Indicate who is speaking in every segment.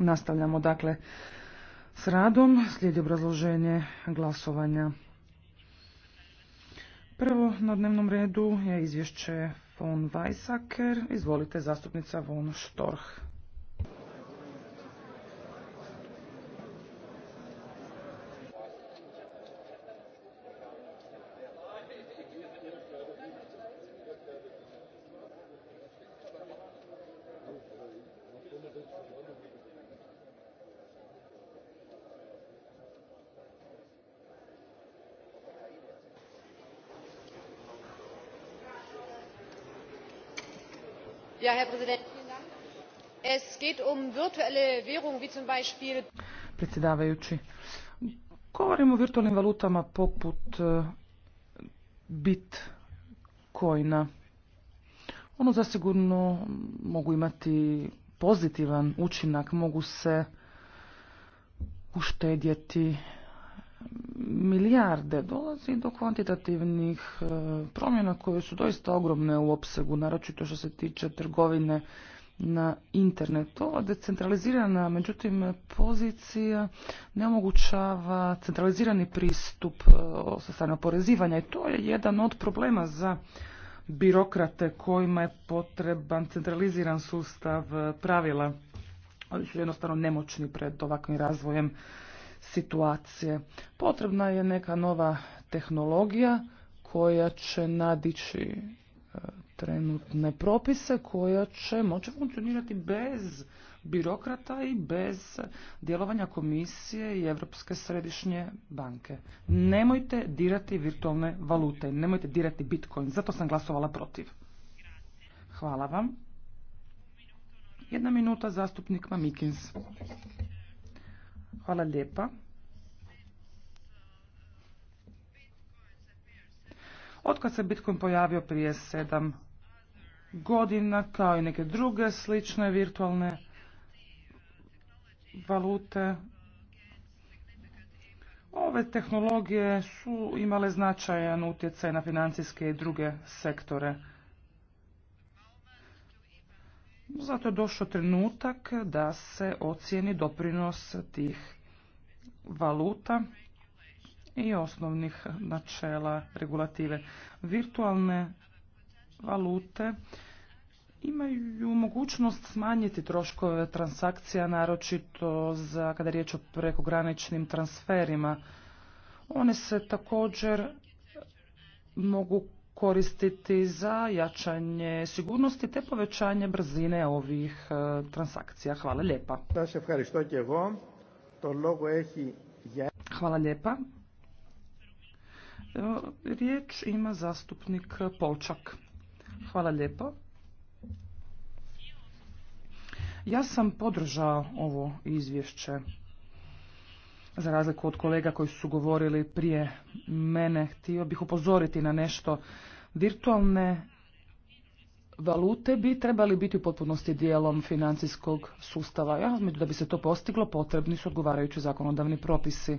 Speaker 1: Nastavljamo dakle s radom. Slijedi obrazloženje glasovanja. Prvo na dnevnom redu je izvješće von Weissaker. Izvolite zastupnica von Storch.
Speaker 2: herr präsident! es geht um virtuelle wie zum beispiel.
Speaker 1: predsjedavajući govorimo o virtualnim valutama poput e, bitcoina. Ono zasigurno mogu imati pozitivan učinak, mogu se uštedjeti milijarde dolazi do kvantitativnih e, promjena koje su doista ogromne u opsegu, naročito što se tiče trgovine na internetu. Ova decentralizirana, međutim, pozicija ne omogućava centralizirani pristup e, sa strane oporezivanja i to je jedan od problema za birokrate kojima je potreban centraliziran sustav e, pravila. Oni su jednostavno nemoćni pred ovakvim razvojem situacije. Potrebna je neka nova tehnologija koja će nadići e, trenutne propise koja će moći funkcionirati bez birokrata i bez djelovanja komisije i Europske središnje banke. Nemojte dirati virtualne valute, nemojte dirati bitcoin, zato sam glasovala protiv. Hvala vam. Jedna minuta zastupnik Mamikins. Hvala lijepa. Otkad se Bitcoin pojavio prije sedam godina, kao i neke druge slične virtualne valute, ove tehnologije su imale značajan utjecaj na financijske i druge sektore. Zato je došao trenutak da se ocijeni doprinos tih valuta i osnovnih načela regulative. Virtualne valute imaju mogućnost smanjiti troškove transakcija, naročito za kada je riječ o prekograničnim transferima. One se također mogu koristiti za jačanje sigurnosti te povećanje brzine ovih e, transakcija. Hvala lijepa. Hvala lijepa. Riječ ima zastupnik Polčak. Hvala lijepo. Ja sam podržao ovo izvješće. Za razliku od kolega koji su govorili prije mene, htio bih upozoriti na nešto. Virtualne valute bi trebali biti u potpunosti dijelom financijskog sustava. Ja, da bi se to postiglo, potrebni su odgovarajući zakonodavni propisi.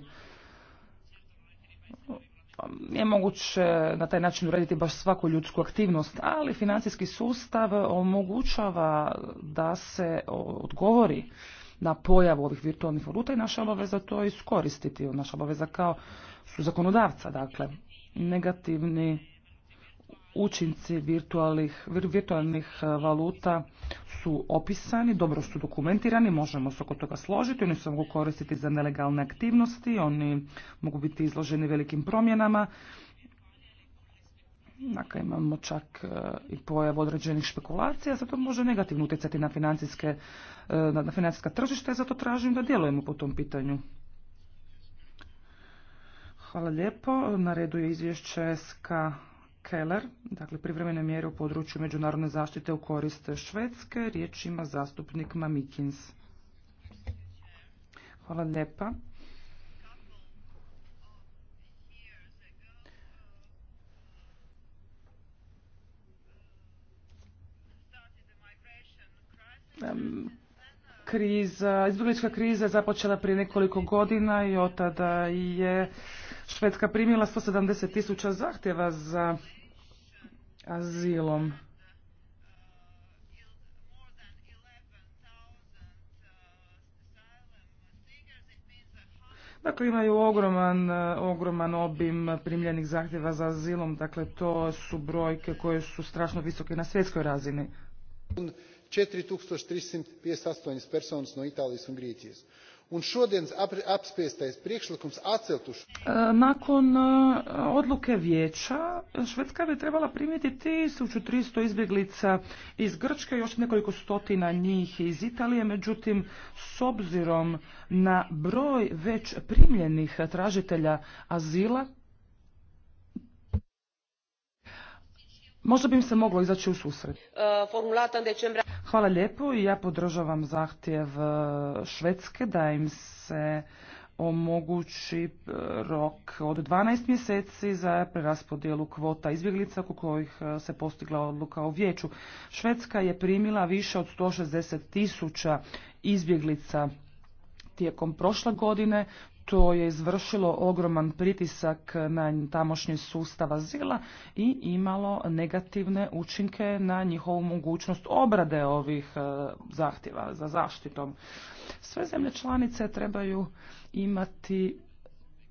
Speaker 1: Nije moguće na taj način urediti baš svaku ljudsku aktivnost, ali financijski sustav omogućava da se odgovori na pojavu ovih virtualnih valuta i naša obaveza to iskoristiti. Naša obaveza kao su zakonodavca, dakle, negativni učinci virtualnih, virtualnih e, valuta su opisani, dobro su dokumentirani, možemo se oko toga složiti, oni se mogu koristiti za nelegalne aktivnosti, oni mogu biti izloženi velikim promjenama Dakle, imamo čak e, i pojav određenih špekulacija, zato može negativno utjecati na, financijske, e, na financijska tržišta i zato tražim da djelujemo po tom pitanju. Hvala lijepo. Na redu je izvješće SK Keller, dakle privremene mjere u području međunarodne zaštite u korist Švedske. Riječ ima zastupnik Mamikins. Hvala lijepa. kriza, izbjeglička kriza je započela prije nekoliko godina i od tada je Švedska primila 170 tisuća zahtjeva za azilom. Dakle, imaju ogroman, ogroman obim primljenih zahtjeva za azilom, dakle to su brojke koje su strašno visoke na svjetskoj razini
Speaker 2: personas no Itālijas Un apspiestais priekšlikums e,
Speaker 1: Nakon e, odluke vijeća, Švedska bi trebala primiti 1300 izbjeglica iz Grčke, i još nekoliko stotina njih iz Italije, međutim, s obzirom na broj već primljenih tražitelja azila, možda bi im se moglo izaći u susret. E,
Speaker 2: formulata decembra...
Speaker 1: Hvala lijepo i ja podržavam zahtjev e, Švedske da im se omogući e, rok od 12 mjeseci za preraspodjelu kvota izbjeglica oko kojih e, se postigla odluka o vijeću. Švedska je primila više od 160 tisuća izbjeglica tijekom prošle godine to je izvršilo ogroman pritisak na tamošnji sustav azila i imalo negativne učinke na njihovu mogućnost obrade ovih e, zahtjeva za zaštitom. Sve zemlje članice trebaju imati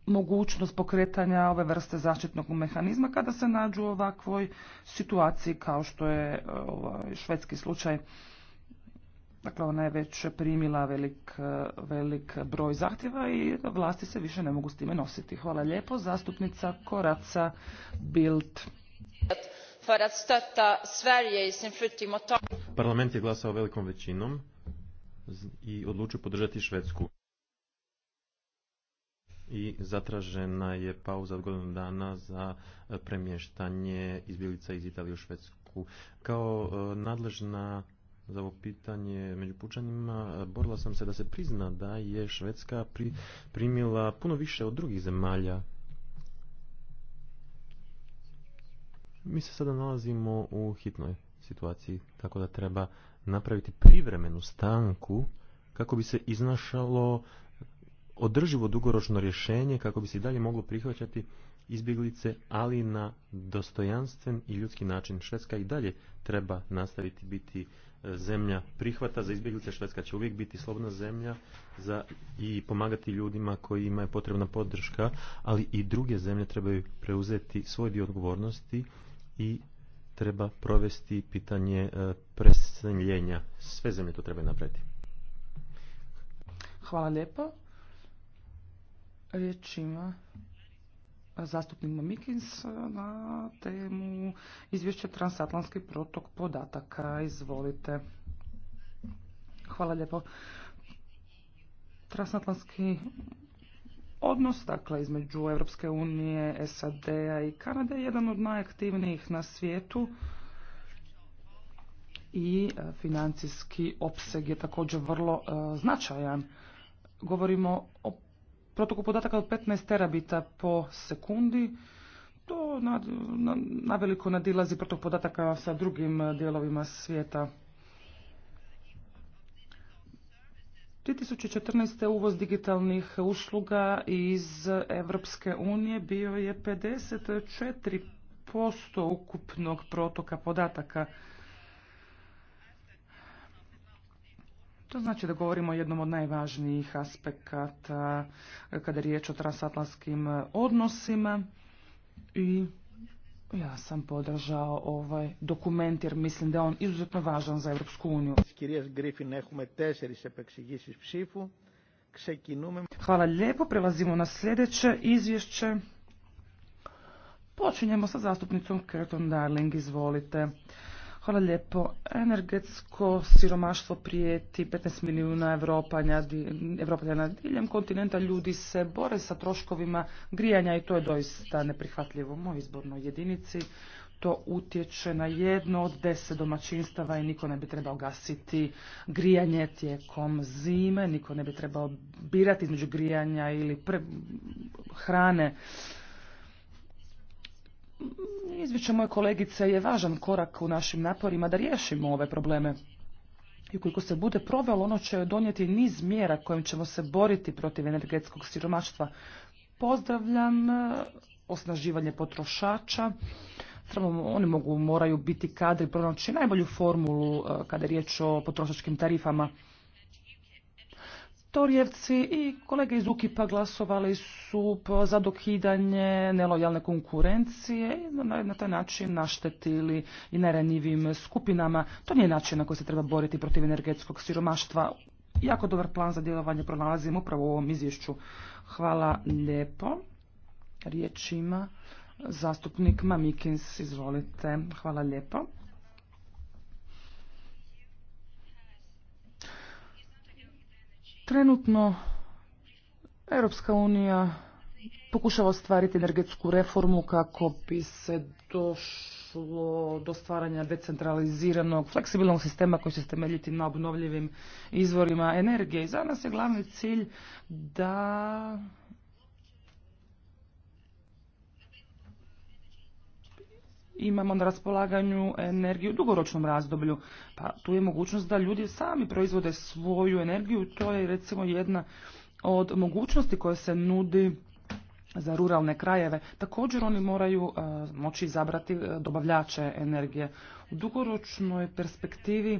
Speaker 1: mogućnost pokretanja ove vrste zaštitnog mehanizma kada se nađu u ovakvoj situaciji kao što je e, ovaj švedski slučaj Dakle, ona je već primila velik, e, velik broj zahtjeva i vlasti se više ne mogu s time nositi. Hvala lijepo. Zastupnica Koraca Bild.
Speaker 2: Parlament je glasao velikom većinom i odlučio podržati Švedsku. I zatražena je pauza od godinu dana za e, premještanje izbjeglica iz Italije u Švedsku. Kao e, nadležna za ovo pitanje među pučanima. Borila sam se da se prizna da je Švedska pri, primila puno više od drugih zemalja. Mi se sada nalazimo u hitnoj situaciji, tako da treba napraviti privremenu stanku kako bi se iznašalo održivo dugoročno rješenje, kako bi se i dalje moglo prihvaćati izbjeglice, ali na dostojanstven i ljudski način. Švedska i dalje treba nastaviti biti zemlja prihvata za izbjeglice. Švedska će uvijek biti slobodna zemlja za i pomagati ljudima kojima je potrebna podrška, ali i druge zemlje trebaju preuzeti svoj dio odgovornosti i treba provesti pitanje e, preseljenja. Sve zemlje to trebaju napraviti.
Speaker 1: Hvala lijepo. Riječ ima zastupnik Mikins e, na temu izvješće transatlantski protok podataka. Izvolite. Hvala lijepo. Transatlantski odnos, dakle, između Europske unije, SAD-a i Kanade je jedan od najaktivnijih na svijetu i e, financijski opseg je također vrlo e, značajan. Govorimo o protoku podataka od 15 terabita po sekundi. To naveliko na, na nadilazi protok podataka sa drugim e, dijelovima svijeta. 2014. uvoz digitalnih usluga iz Europske unije bio je 54% ukupnog protoka podataka. To znači da govorimo o jednom od najvažnijih aspekata kada je riječ o transatlantskim odnosima i ja sam podržao ovaj dokument jer mislim da je on izuzetno važan za Europsku uniju. Hvala lijepo, prelazimo na sljedeće izvješće. Počinjemo sa zastupnicom Kreton Darling, izvolite. Hvala lijepo. Energetsko siromaštvo prijeti 15 milijuna Evropanja, na diljem kontinenta. Ljudi se bore sa troškovima grijanja i to je doista neprihvatljivo. U mojoj izbornoj jedinici to utječe na jedno od deset domaćinstava i niko ne bi trebao gasiti grijanje tijekom zime, niko ne bi trebao birati između grijanja ili hrane. Izvješće moje kolegice je važan korak u našim naporima da riješimo ove probleme. I koliko se bude provelo, ono će donijeti niz mjera kojim ćemo se boriti protiv energetskog siromaštva. Pozdravljam e, osnaživanje potrošača. Oni mogu, moraju biti kadri pronaći najbolju formulu e, kada je riječ o potrošačkim tarifama. Torjevci i kolege iz Ukipa glasovali su za dokidanje nelojalne konkurencije i na taj način naštetili i neranjivim skupinama. To nije način na koji se treba boriti protiv energetskog siromaštva. Jako dobar plan za djelovanje pronalazim upravo u ovom izvješću. Hvala lijepo. Riječ ima zastupnik Mamikins. Izvolite. Hvala lijepo. Trenutno Europska unija pokušava ostvariti energetsku reformu kako bi se došlo do stvaranja decentraliziranog, fleksibilnog sistema koji će se temeljiti na obnovljivim izvorima energije. I za nas je glavni cilj da imamo na raspolaganju energiju u dugoročnom razdoblju. Pa tu je mogućnost da ljudi sami proizvode svoju energiju. To je recimo jedna od mogućnosti koje se nudi za ruralne krajeve. Također oni moraju e, moći izabrati e, dobavljače energije. U dugoročnoj perspektivi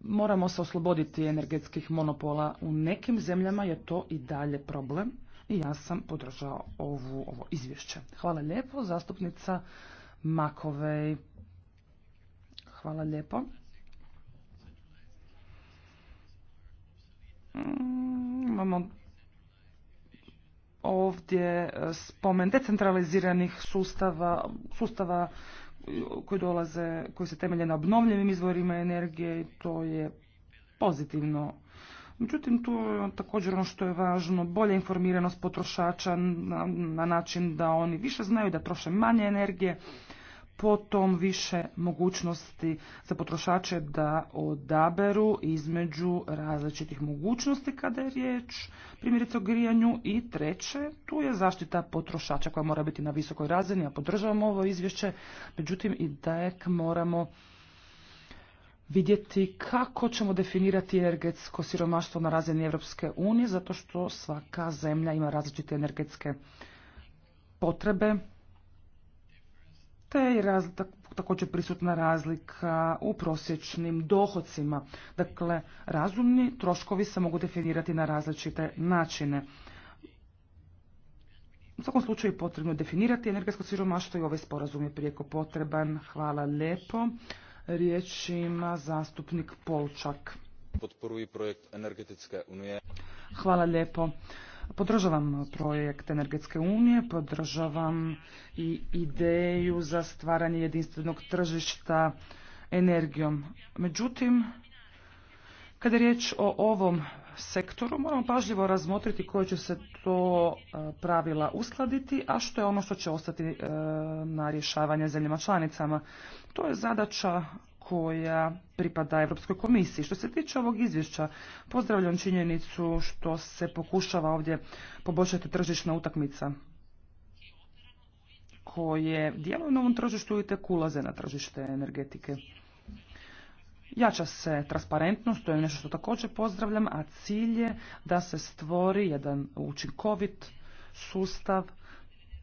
Speaker 1: moramo se osloboditi energetskih monopola. U nekim zemljama je to i dalje problem i ja sam podržao ovu, ovo izvješće. Hvala lijepo, zastupnica Makovej. Hvala lijepo. Mm, imamo ovdje e, spomen decentraliziranih sustava, sustava koji dolaze, koji se temelje na obnovljivim izvorima energije i to je pozitivno Međutim, tu je također ono što je važno, bolja informiranost potrošača na, način da oni više znaju, da troše manje energije, potom više mogućnosti za potrošače da odaberu između različitih mogućnosti kada je riječ primjerice o grijanju i treće, tu je zaštita potrošača koja mora biti na visokoj razini, a ja podržavam ovo izvješće, međutim i da moramo vidjeti kako ćemo definirati energetsko siromaštvo na razini Europske unije, zato što svaka zemlja ima različite energetske potrebe, te je također prisutna razlika u prosječnim dohodcima. Dakle, razumni troškovi se mogu definirati na različite načine. U svakom slučaju potrebno definirati energetsko siromaštvo i ovaj sporazum je prijeko potreban. Hvala lijepo. Riječ ima zastupnik Polčak.
Speaker 2: Podporuji projekt energetske unije.
Speaker 1: Hvala lijepo. Podržavam projekt Energetske unije, podržavam i ideju za stvaranje jedinstvenog tržišta energijom. Međutim, kada je riječ o ovom sektoru, moramo pažljivo razmotriti koje će se to e, pravila uskladiti, a što je ono što će ostati e, na rješavanje zemljama članicama. To je zadaća koja pripada Europskoj komisiji. Što se tiče ovog izvješća, pozdravljam činjenicu što se pokušava ovdje poboljšati tržišna utakmica koje djeluju na ovom tržištu i tek ulaze na tržište energetike. Jača se transparentnost, to je nešto što također pozdravljam, a cilj je da se stvori jedan učinkovit sustav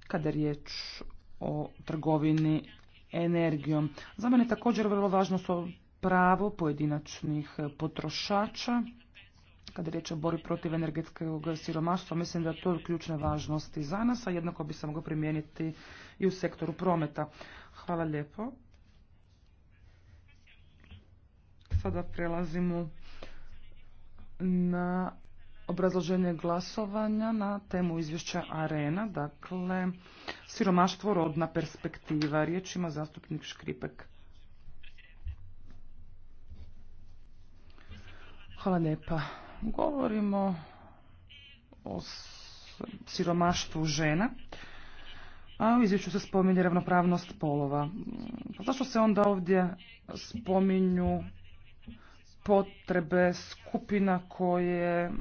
Speaker 1: kada je riječ o trgovini energijom. Za mene je također vrlo važno su pravo pojedinačnih potrošača kada je riječ o borbi protiv energetskog siromaštva, mislim da je to važnost i za nas, a jednako bi se moglo primijeniti i u sektoru prometa. Hvala lijepo. sada prelazimo na obrazloženje glasovanja na temu izvješća Arena, dakle siromaštvo rodna perspektiva. Riječ zastupnik Škripek. Hvala lijepa. Govorimo o siromaštvu žena, a u izvješću se spominje ravnopravnost polova. Zašto se onda ovdje spominju potrebe skupina koje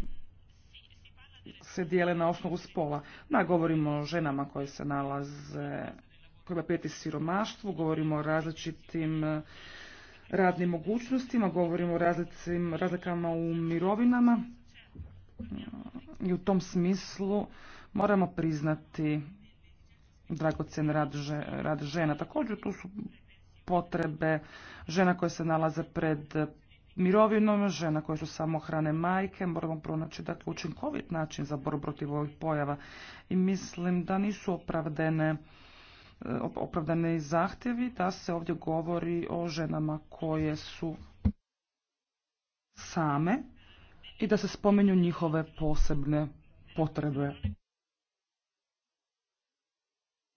Speaker 1: se dijele na osnovu spola. Da, govorimo o ženama koje se nalaze, koje peti siromaštvu, govorimo o različitim e, radnim mogućnostima, govorimo o različitim razlikama u mirovinama i u tom smislu moramo priznati dragocen rad, rad žena. Također tu su potrebe žena koje se nalaze pred mirovinom žena koje su hrane majke. Moramo pronaći dakle, učinkovit način za borbu protiv ovih pojava i mislim da nisu opravdane eh, opravdani zahtjevi da se ovdje govori o ženama koje su same i da se spomenju njihove posebne potrebe.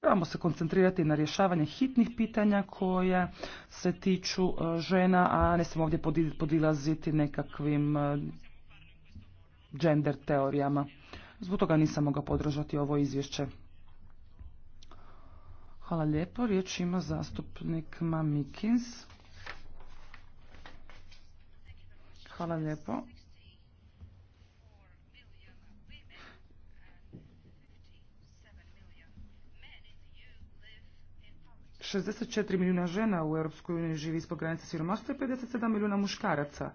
Speaker 1: Trebamo se koncentrirati na rješavanje hitnih pitanja koja se tiču e, žena, a ne smo ovdje podilaziti nekakvim e, gender teorijama. Zbog toga nisam mogao podržati ovo izvješće. Hvala lijepo. Riječ ima zastupnik Mamikins. Hvala lijepo. 64 milijuna žena u Europskoj živi ispod granice siromaštva i 57 milijuna muškaraca.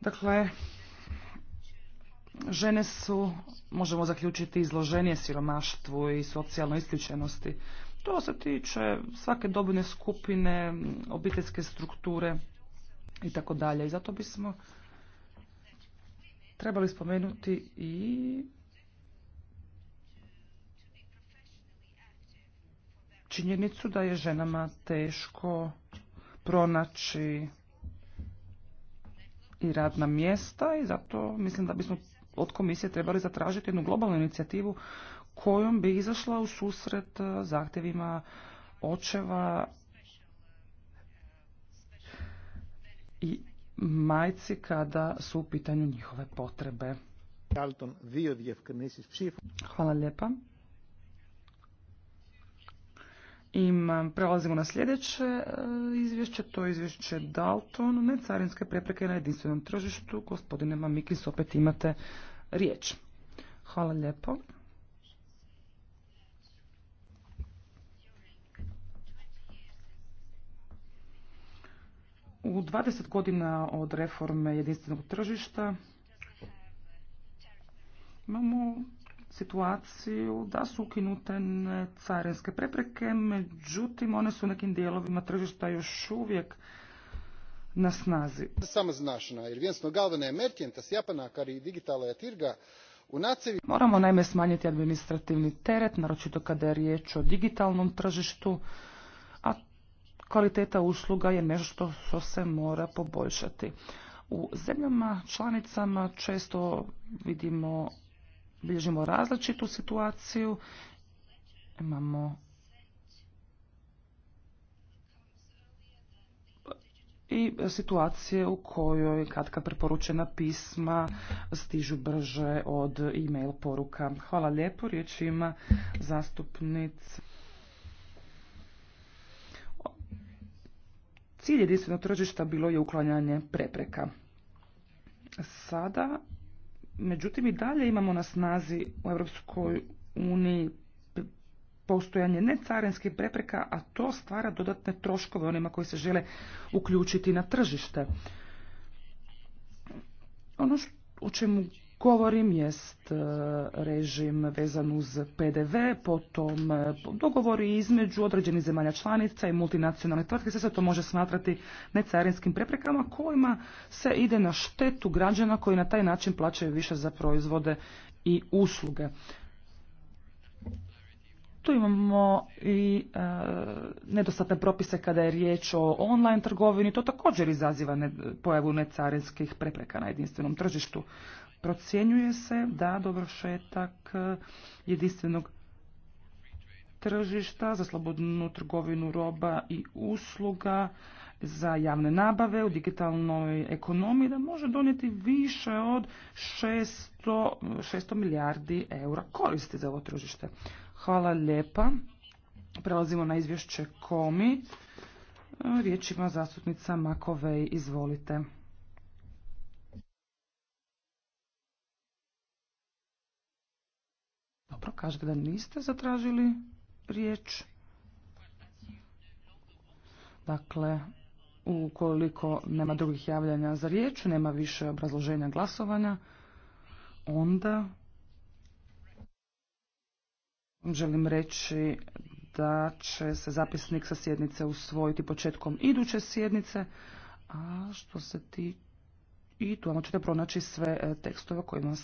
Speaker 1: Dakle, žene su, možemo zaključiti, izloženije siromaštvu i socijalnoj isključenosti. To se tiče svake dobne skupine, obiteljske strukture i tako dalje. I zato bismo trebali spomenuti i činjenicu da je ženama teško pronaći i radna mjesta i zato mislim da bismo od komisije trebali zatražiti jednu globalnu inicijativu kojom bi izašla u susret zahtjevima očeva i majci kada su u pitanju njihove potrebe. Hvala lijepa. Imam, prelazimo na sljedeće e, izvješće, to je izvješće Dalton, necarinske prepreke na jedinstvenom tržištu. Gospodine Mamikis, opet imate riječ. Hvala lijepo. U 20 godina od reforme jedinstvenog tržišta imamo situaciju da su ukinute carinske prepreke, međutim one su u nekim dijelovima tržišta još uvijek na snazi. Moramo naime smanjiti administrativni teret, naročito kada je riječ o digitalnom tržištu, a kvaliteta usluga je nešto što se mora poboljšati. U zemljama članicama često vidimo bilježimo različitu situaciju. Imamo i situacije u kojoj katka preporučena pisma stižu brže od e-mail poruka. Hvala lijepo, riječ ima zastupnic. Cilj jedinstvenog tržišta bilo je uklanjanje prepreka. Sada Međutim, i dalje imamo na snazi u Europskoj uniji postojanje necarinskih prepreka, a to stvara dodatne troškove onima koji se žele uključiti na tržište. Ono o čemu govorim jest e, režim vezan uz PDV, potom e, dogovori između određenih zemalja članica i multinacionalne tvrtke, sve se to može smatrati necarinskim preprekama kojima se ide na štetu građana koji na taj način plaćaju više za proizvode i usluge. Tu imamo i e, nedostatne propise kada je riječ o online trgovini, to također izaziva pojavu necarinskih prepreka na jedinstvenom tržištu. Procjenjuje se da dovršetak eh, jedinstvenog tržišta za slobodnu trgovinu roba i usluga za javne nabave u digitalnoj ekonomiji da može donijeti više od 600, 600 milijardi eura koristi za ovo tržište. Hvala lijepa. Prelazimo na izvješće Komi. Eh, riječ ima zastupnica Makovej. Izvolite. Kažete da niste zatražili riječ. Dakle, ukoliko nema drugih javljanja za riječ, nema više obrazloženja glasovanja, onda želim reći da će se zapisnik sa sjednice usvojiti početkom iduće sjednice, a što se ti i tu ćete pronaći sve e, tekstove kojima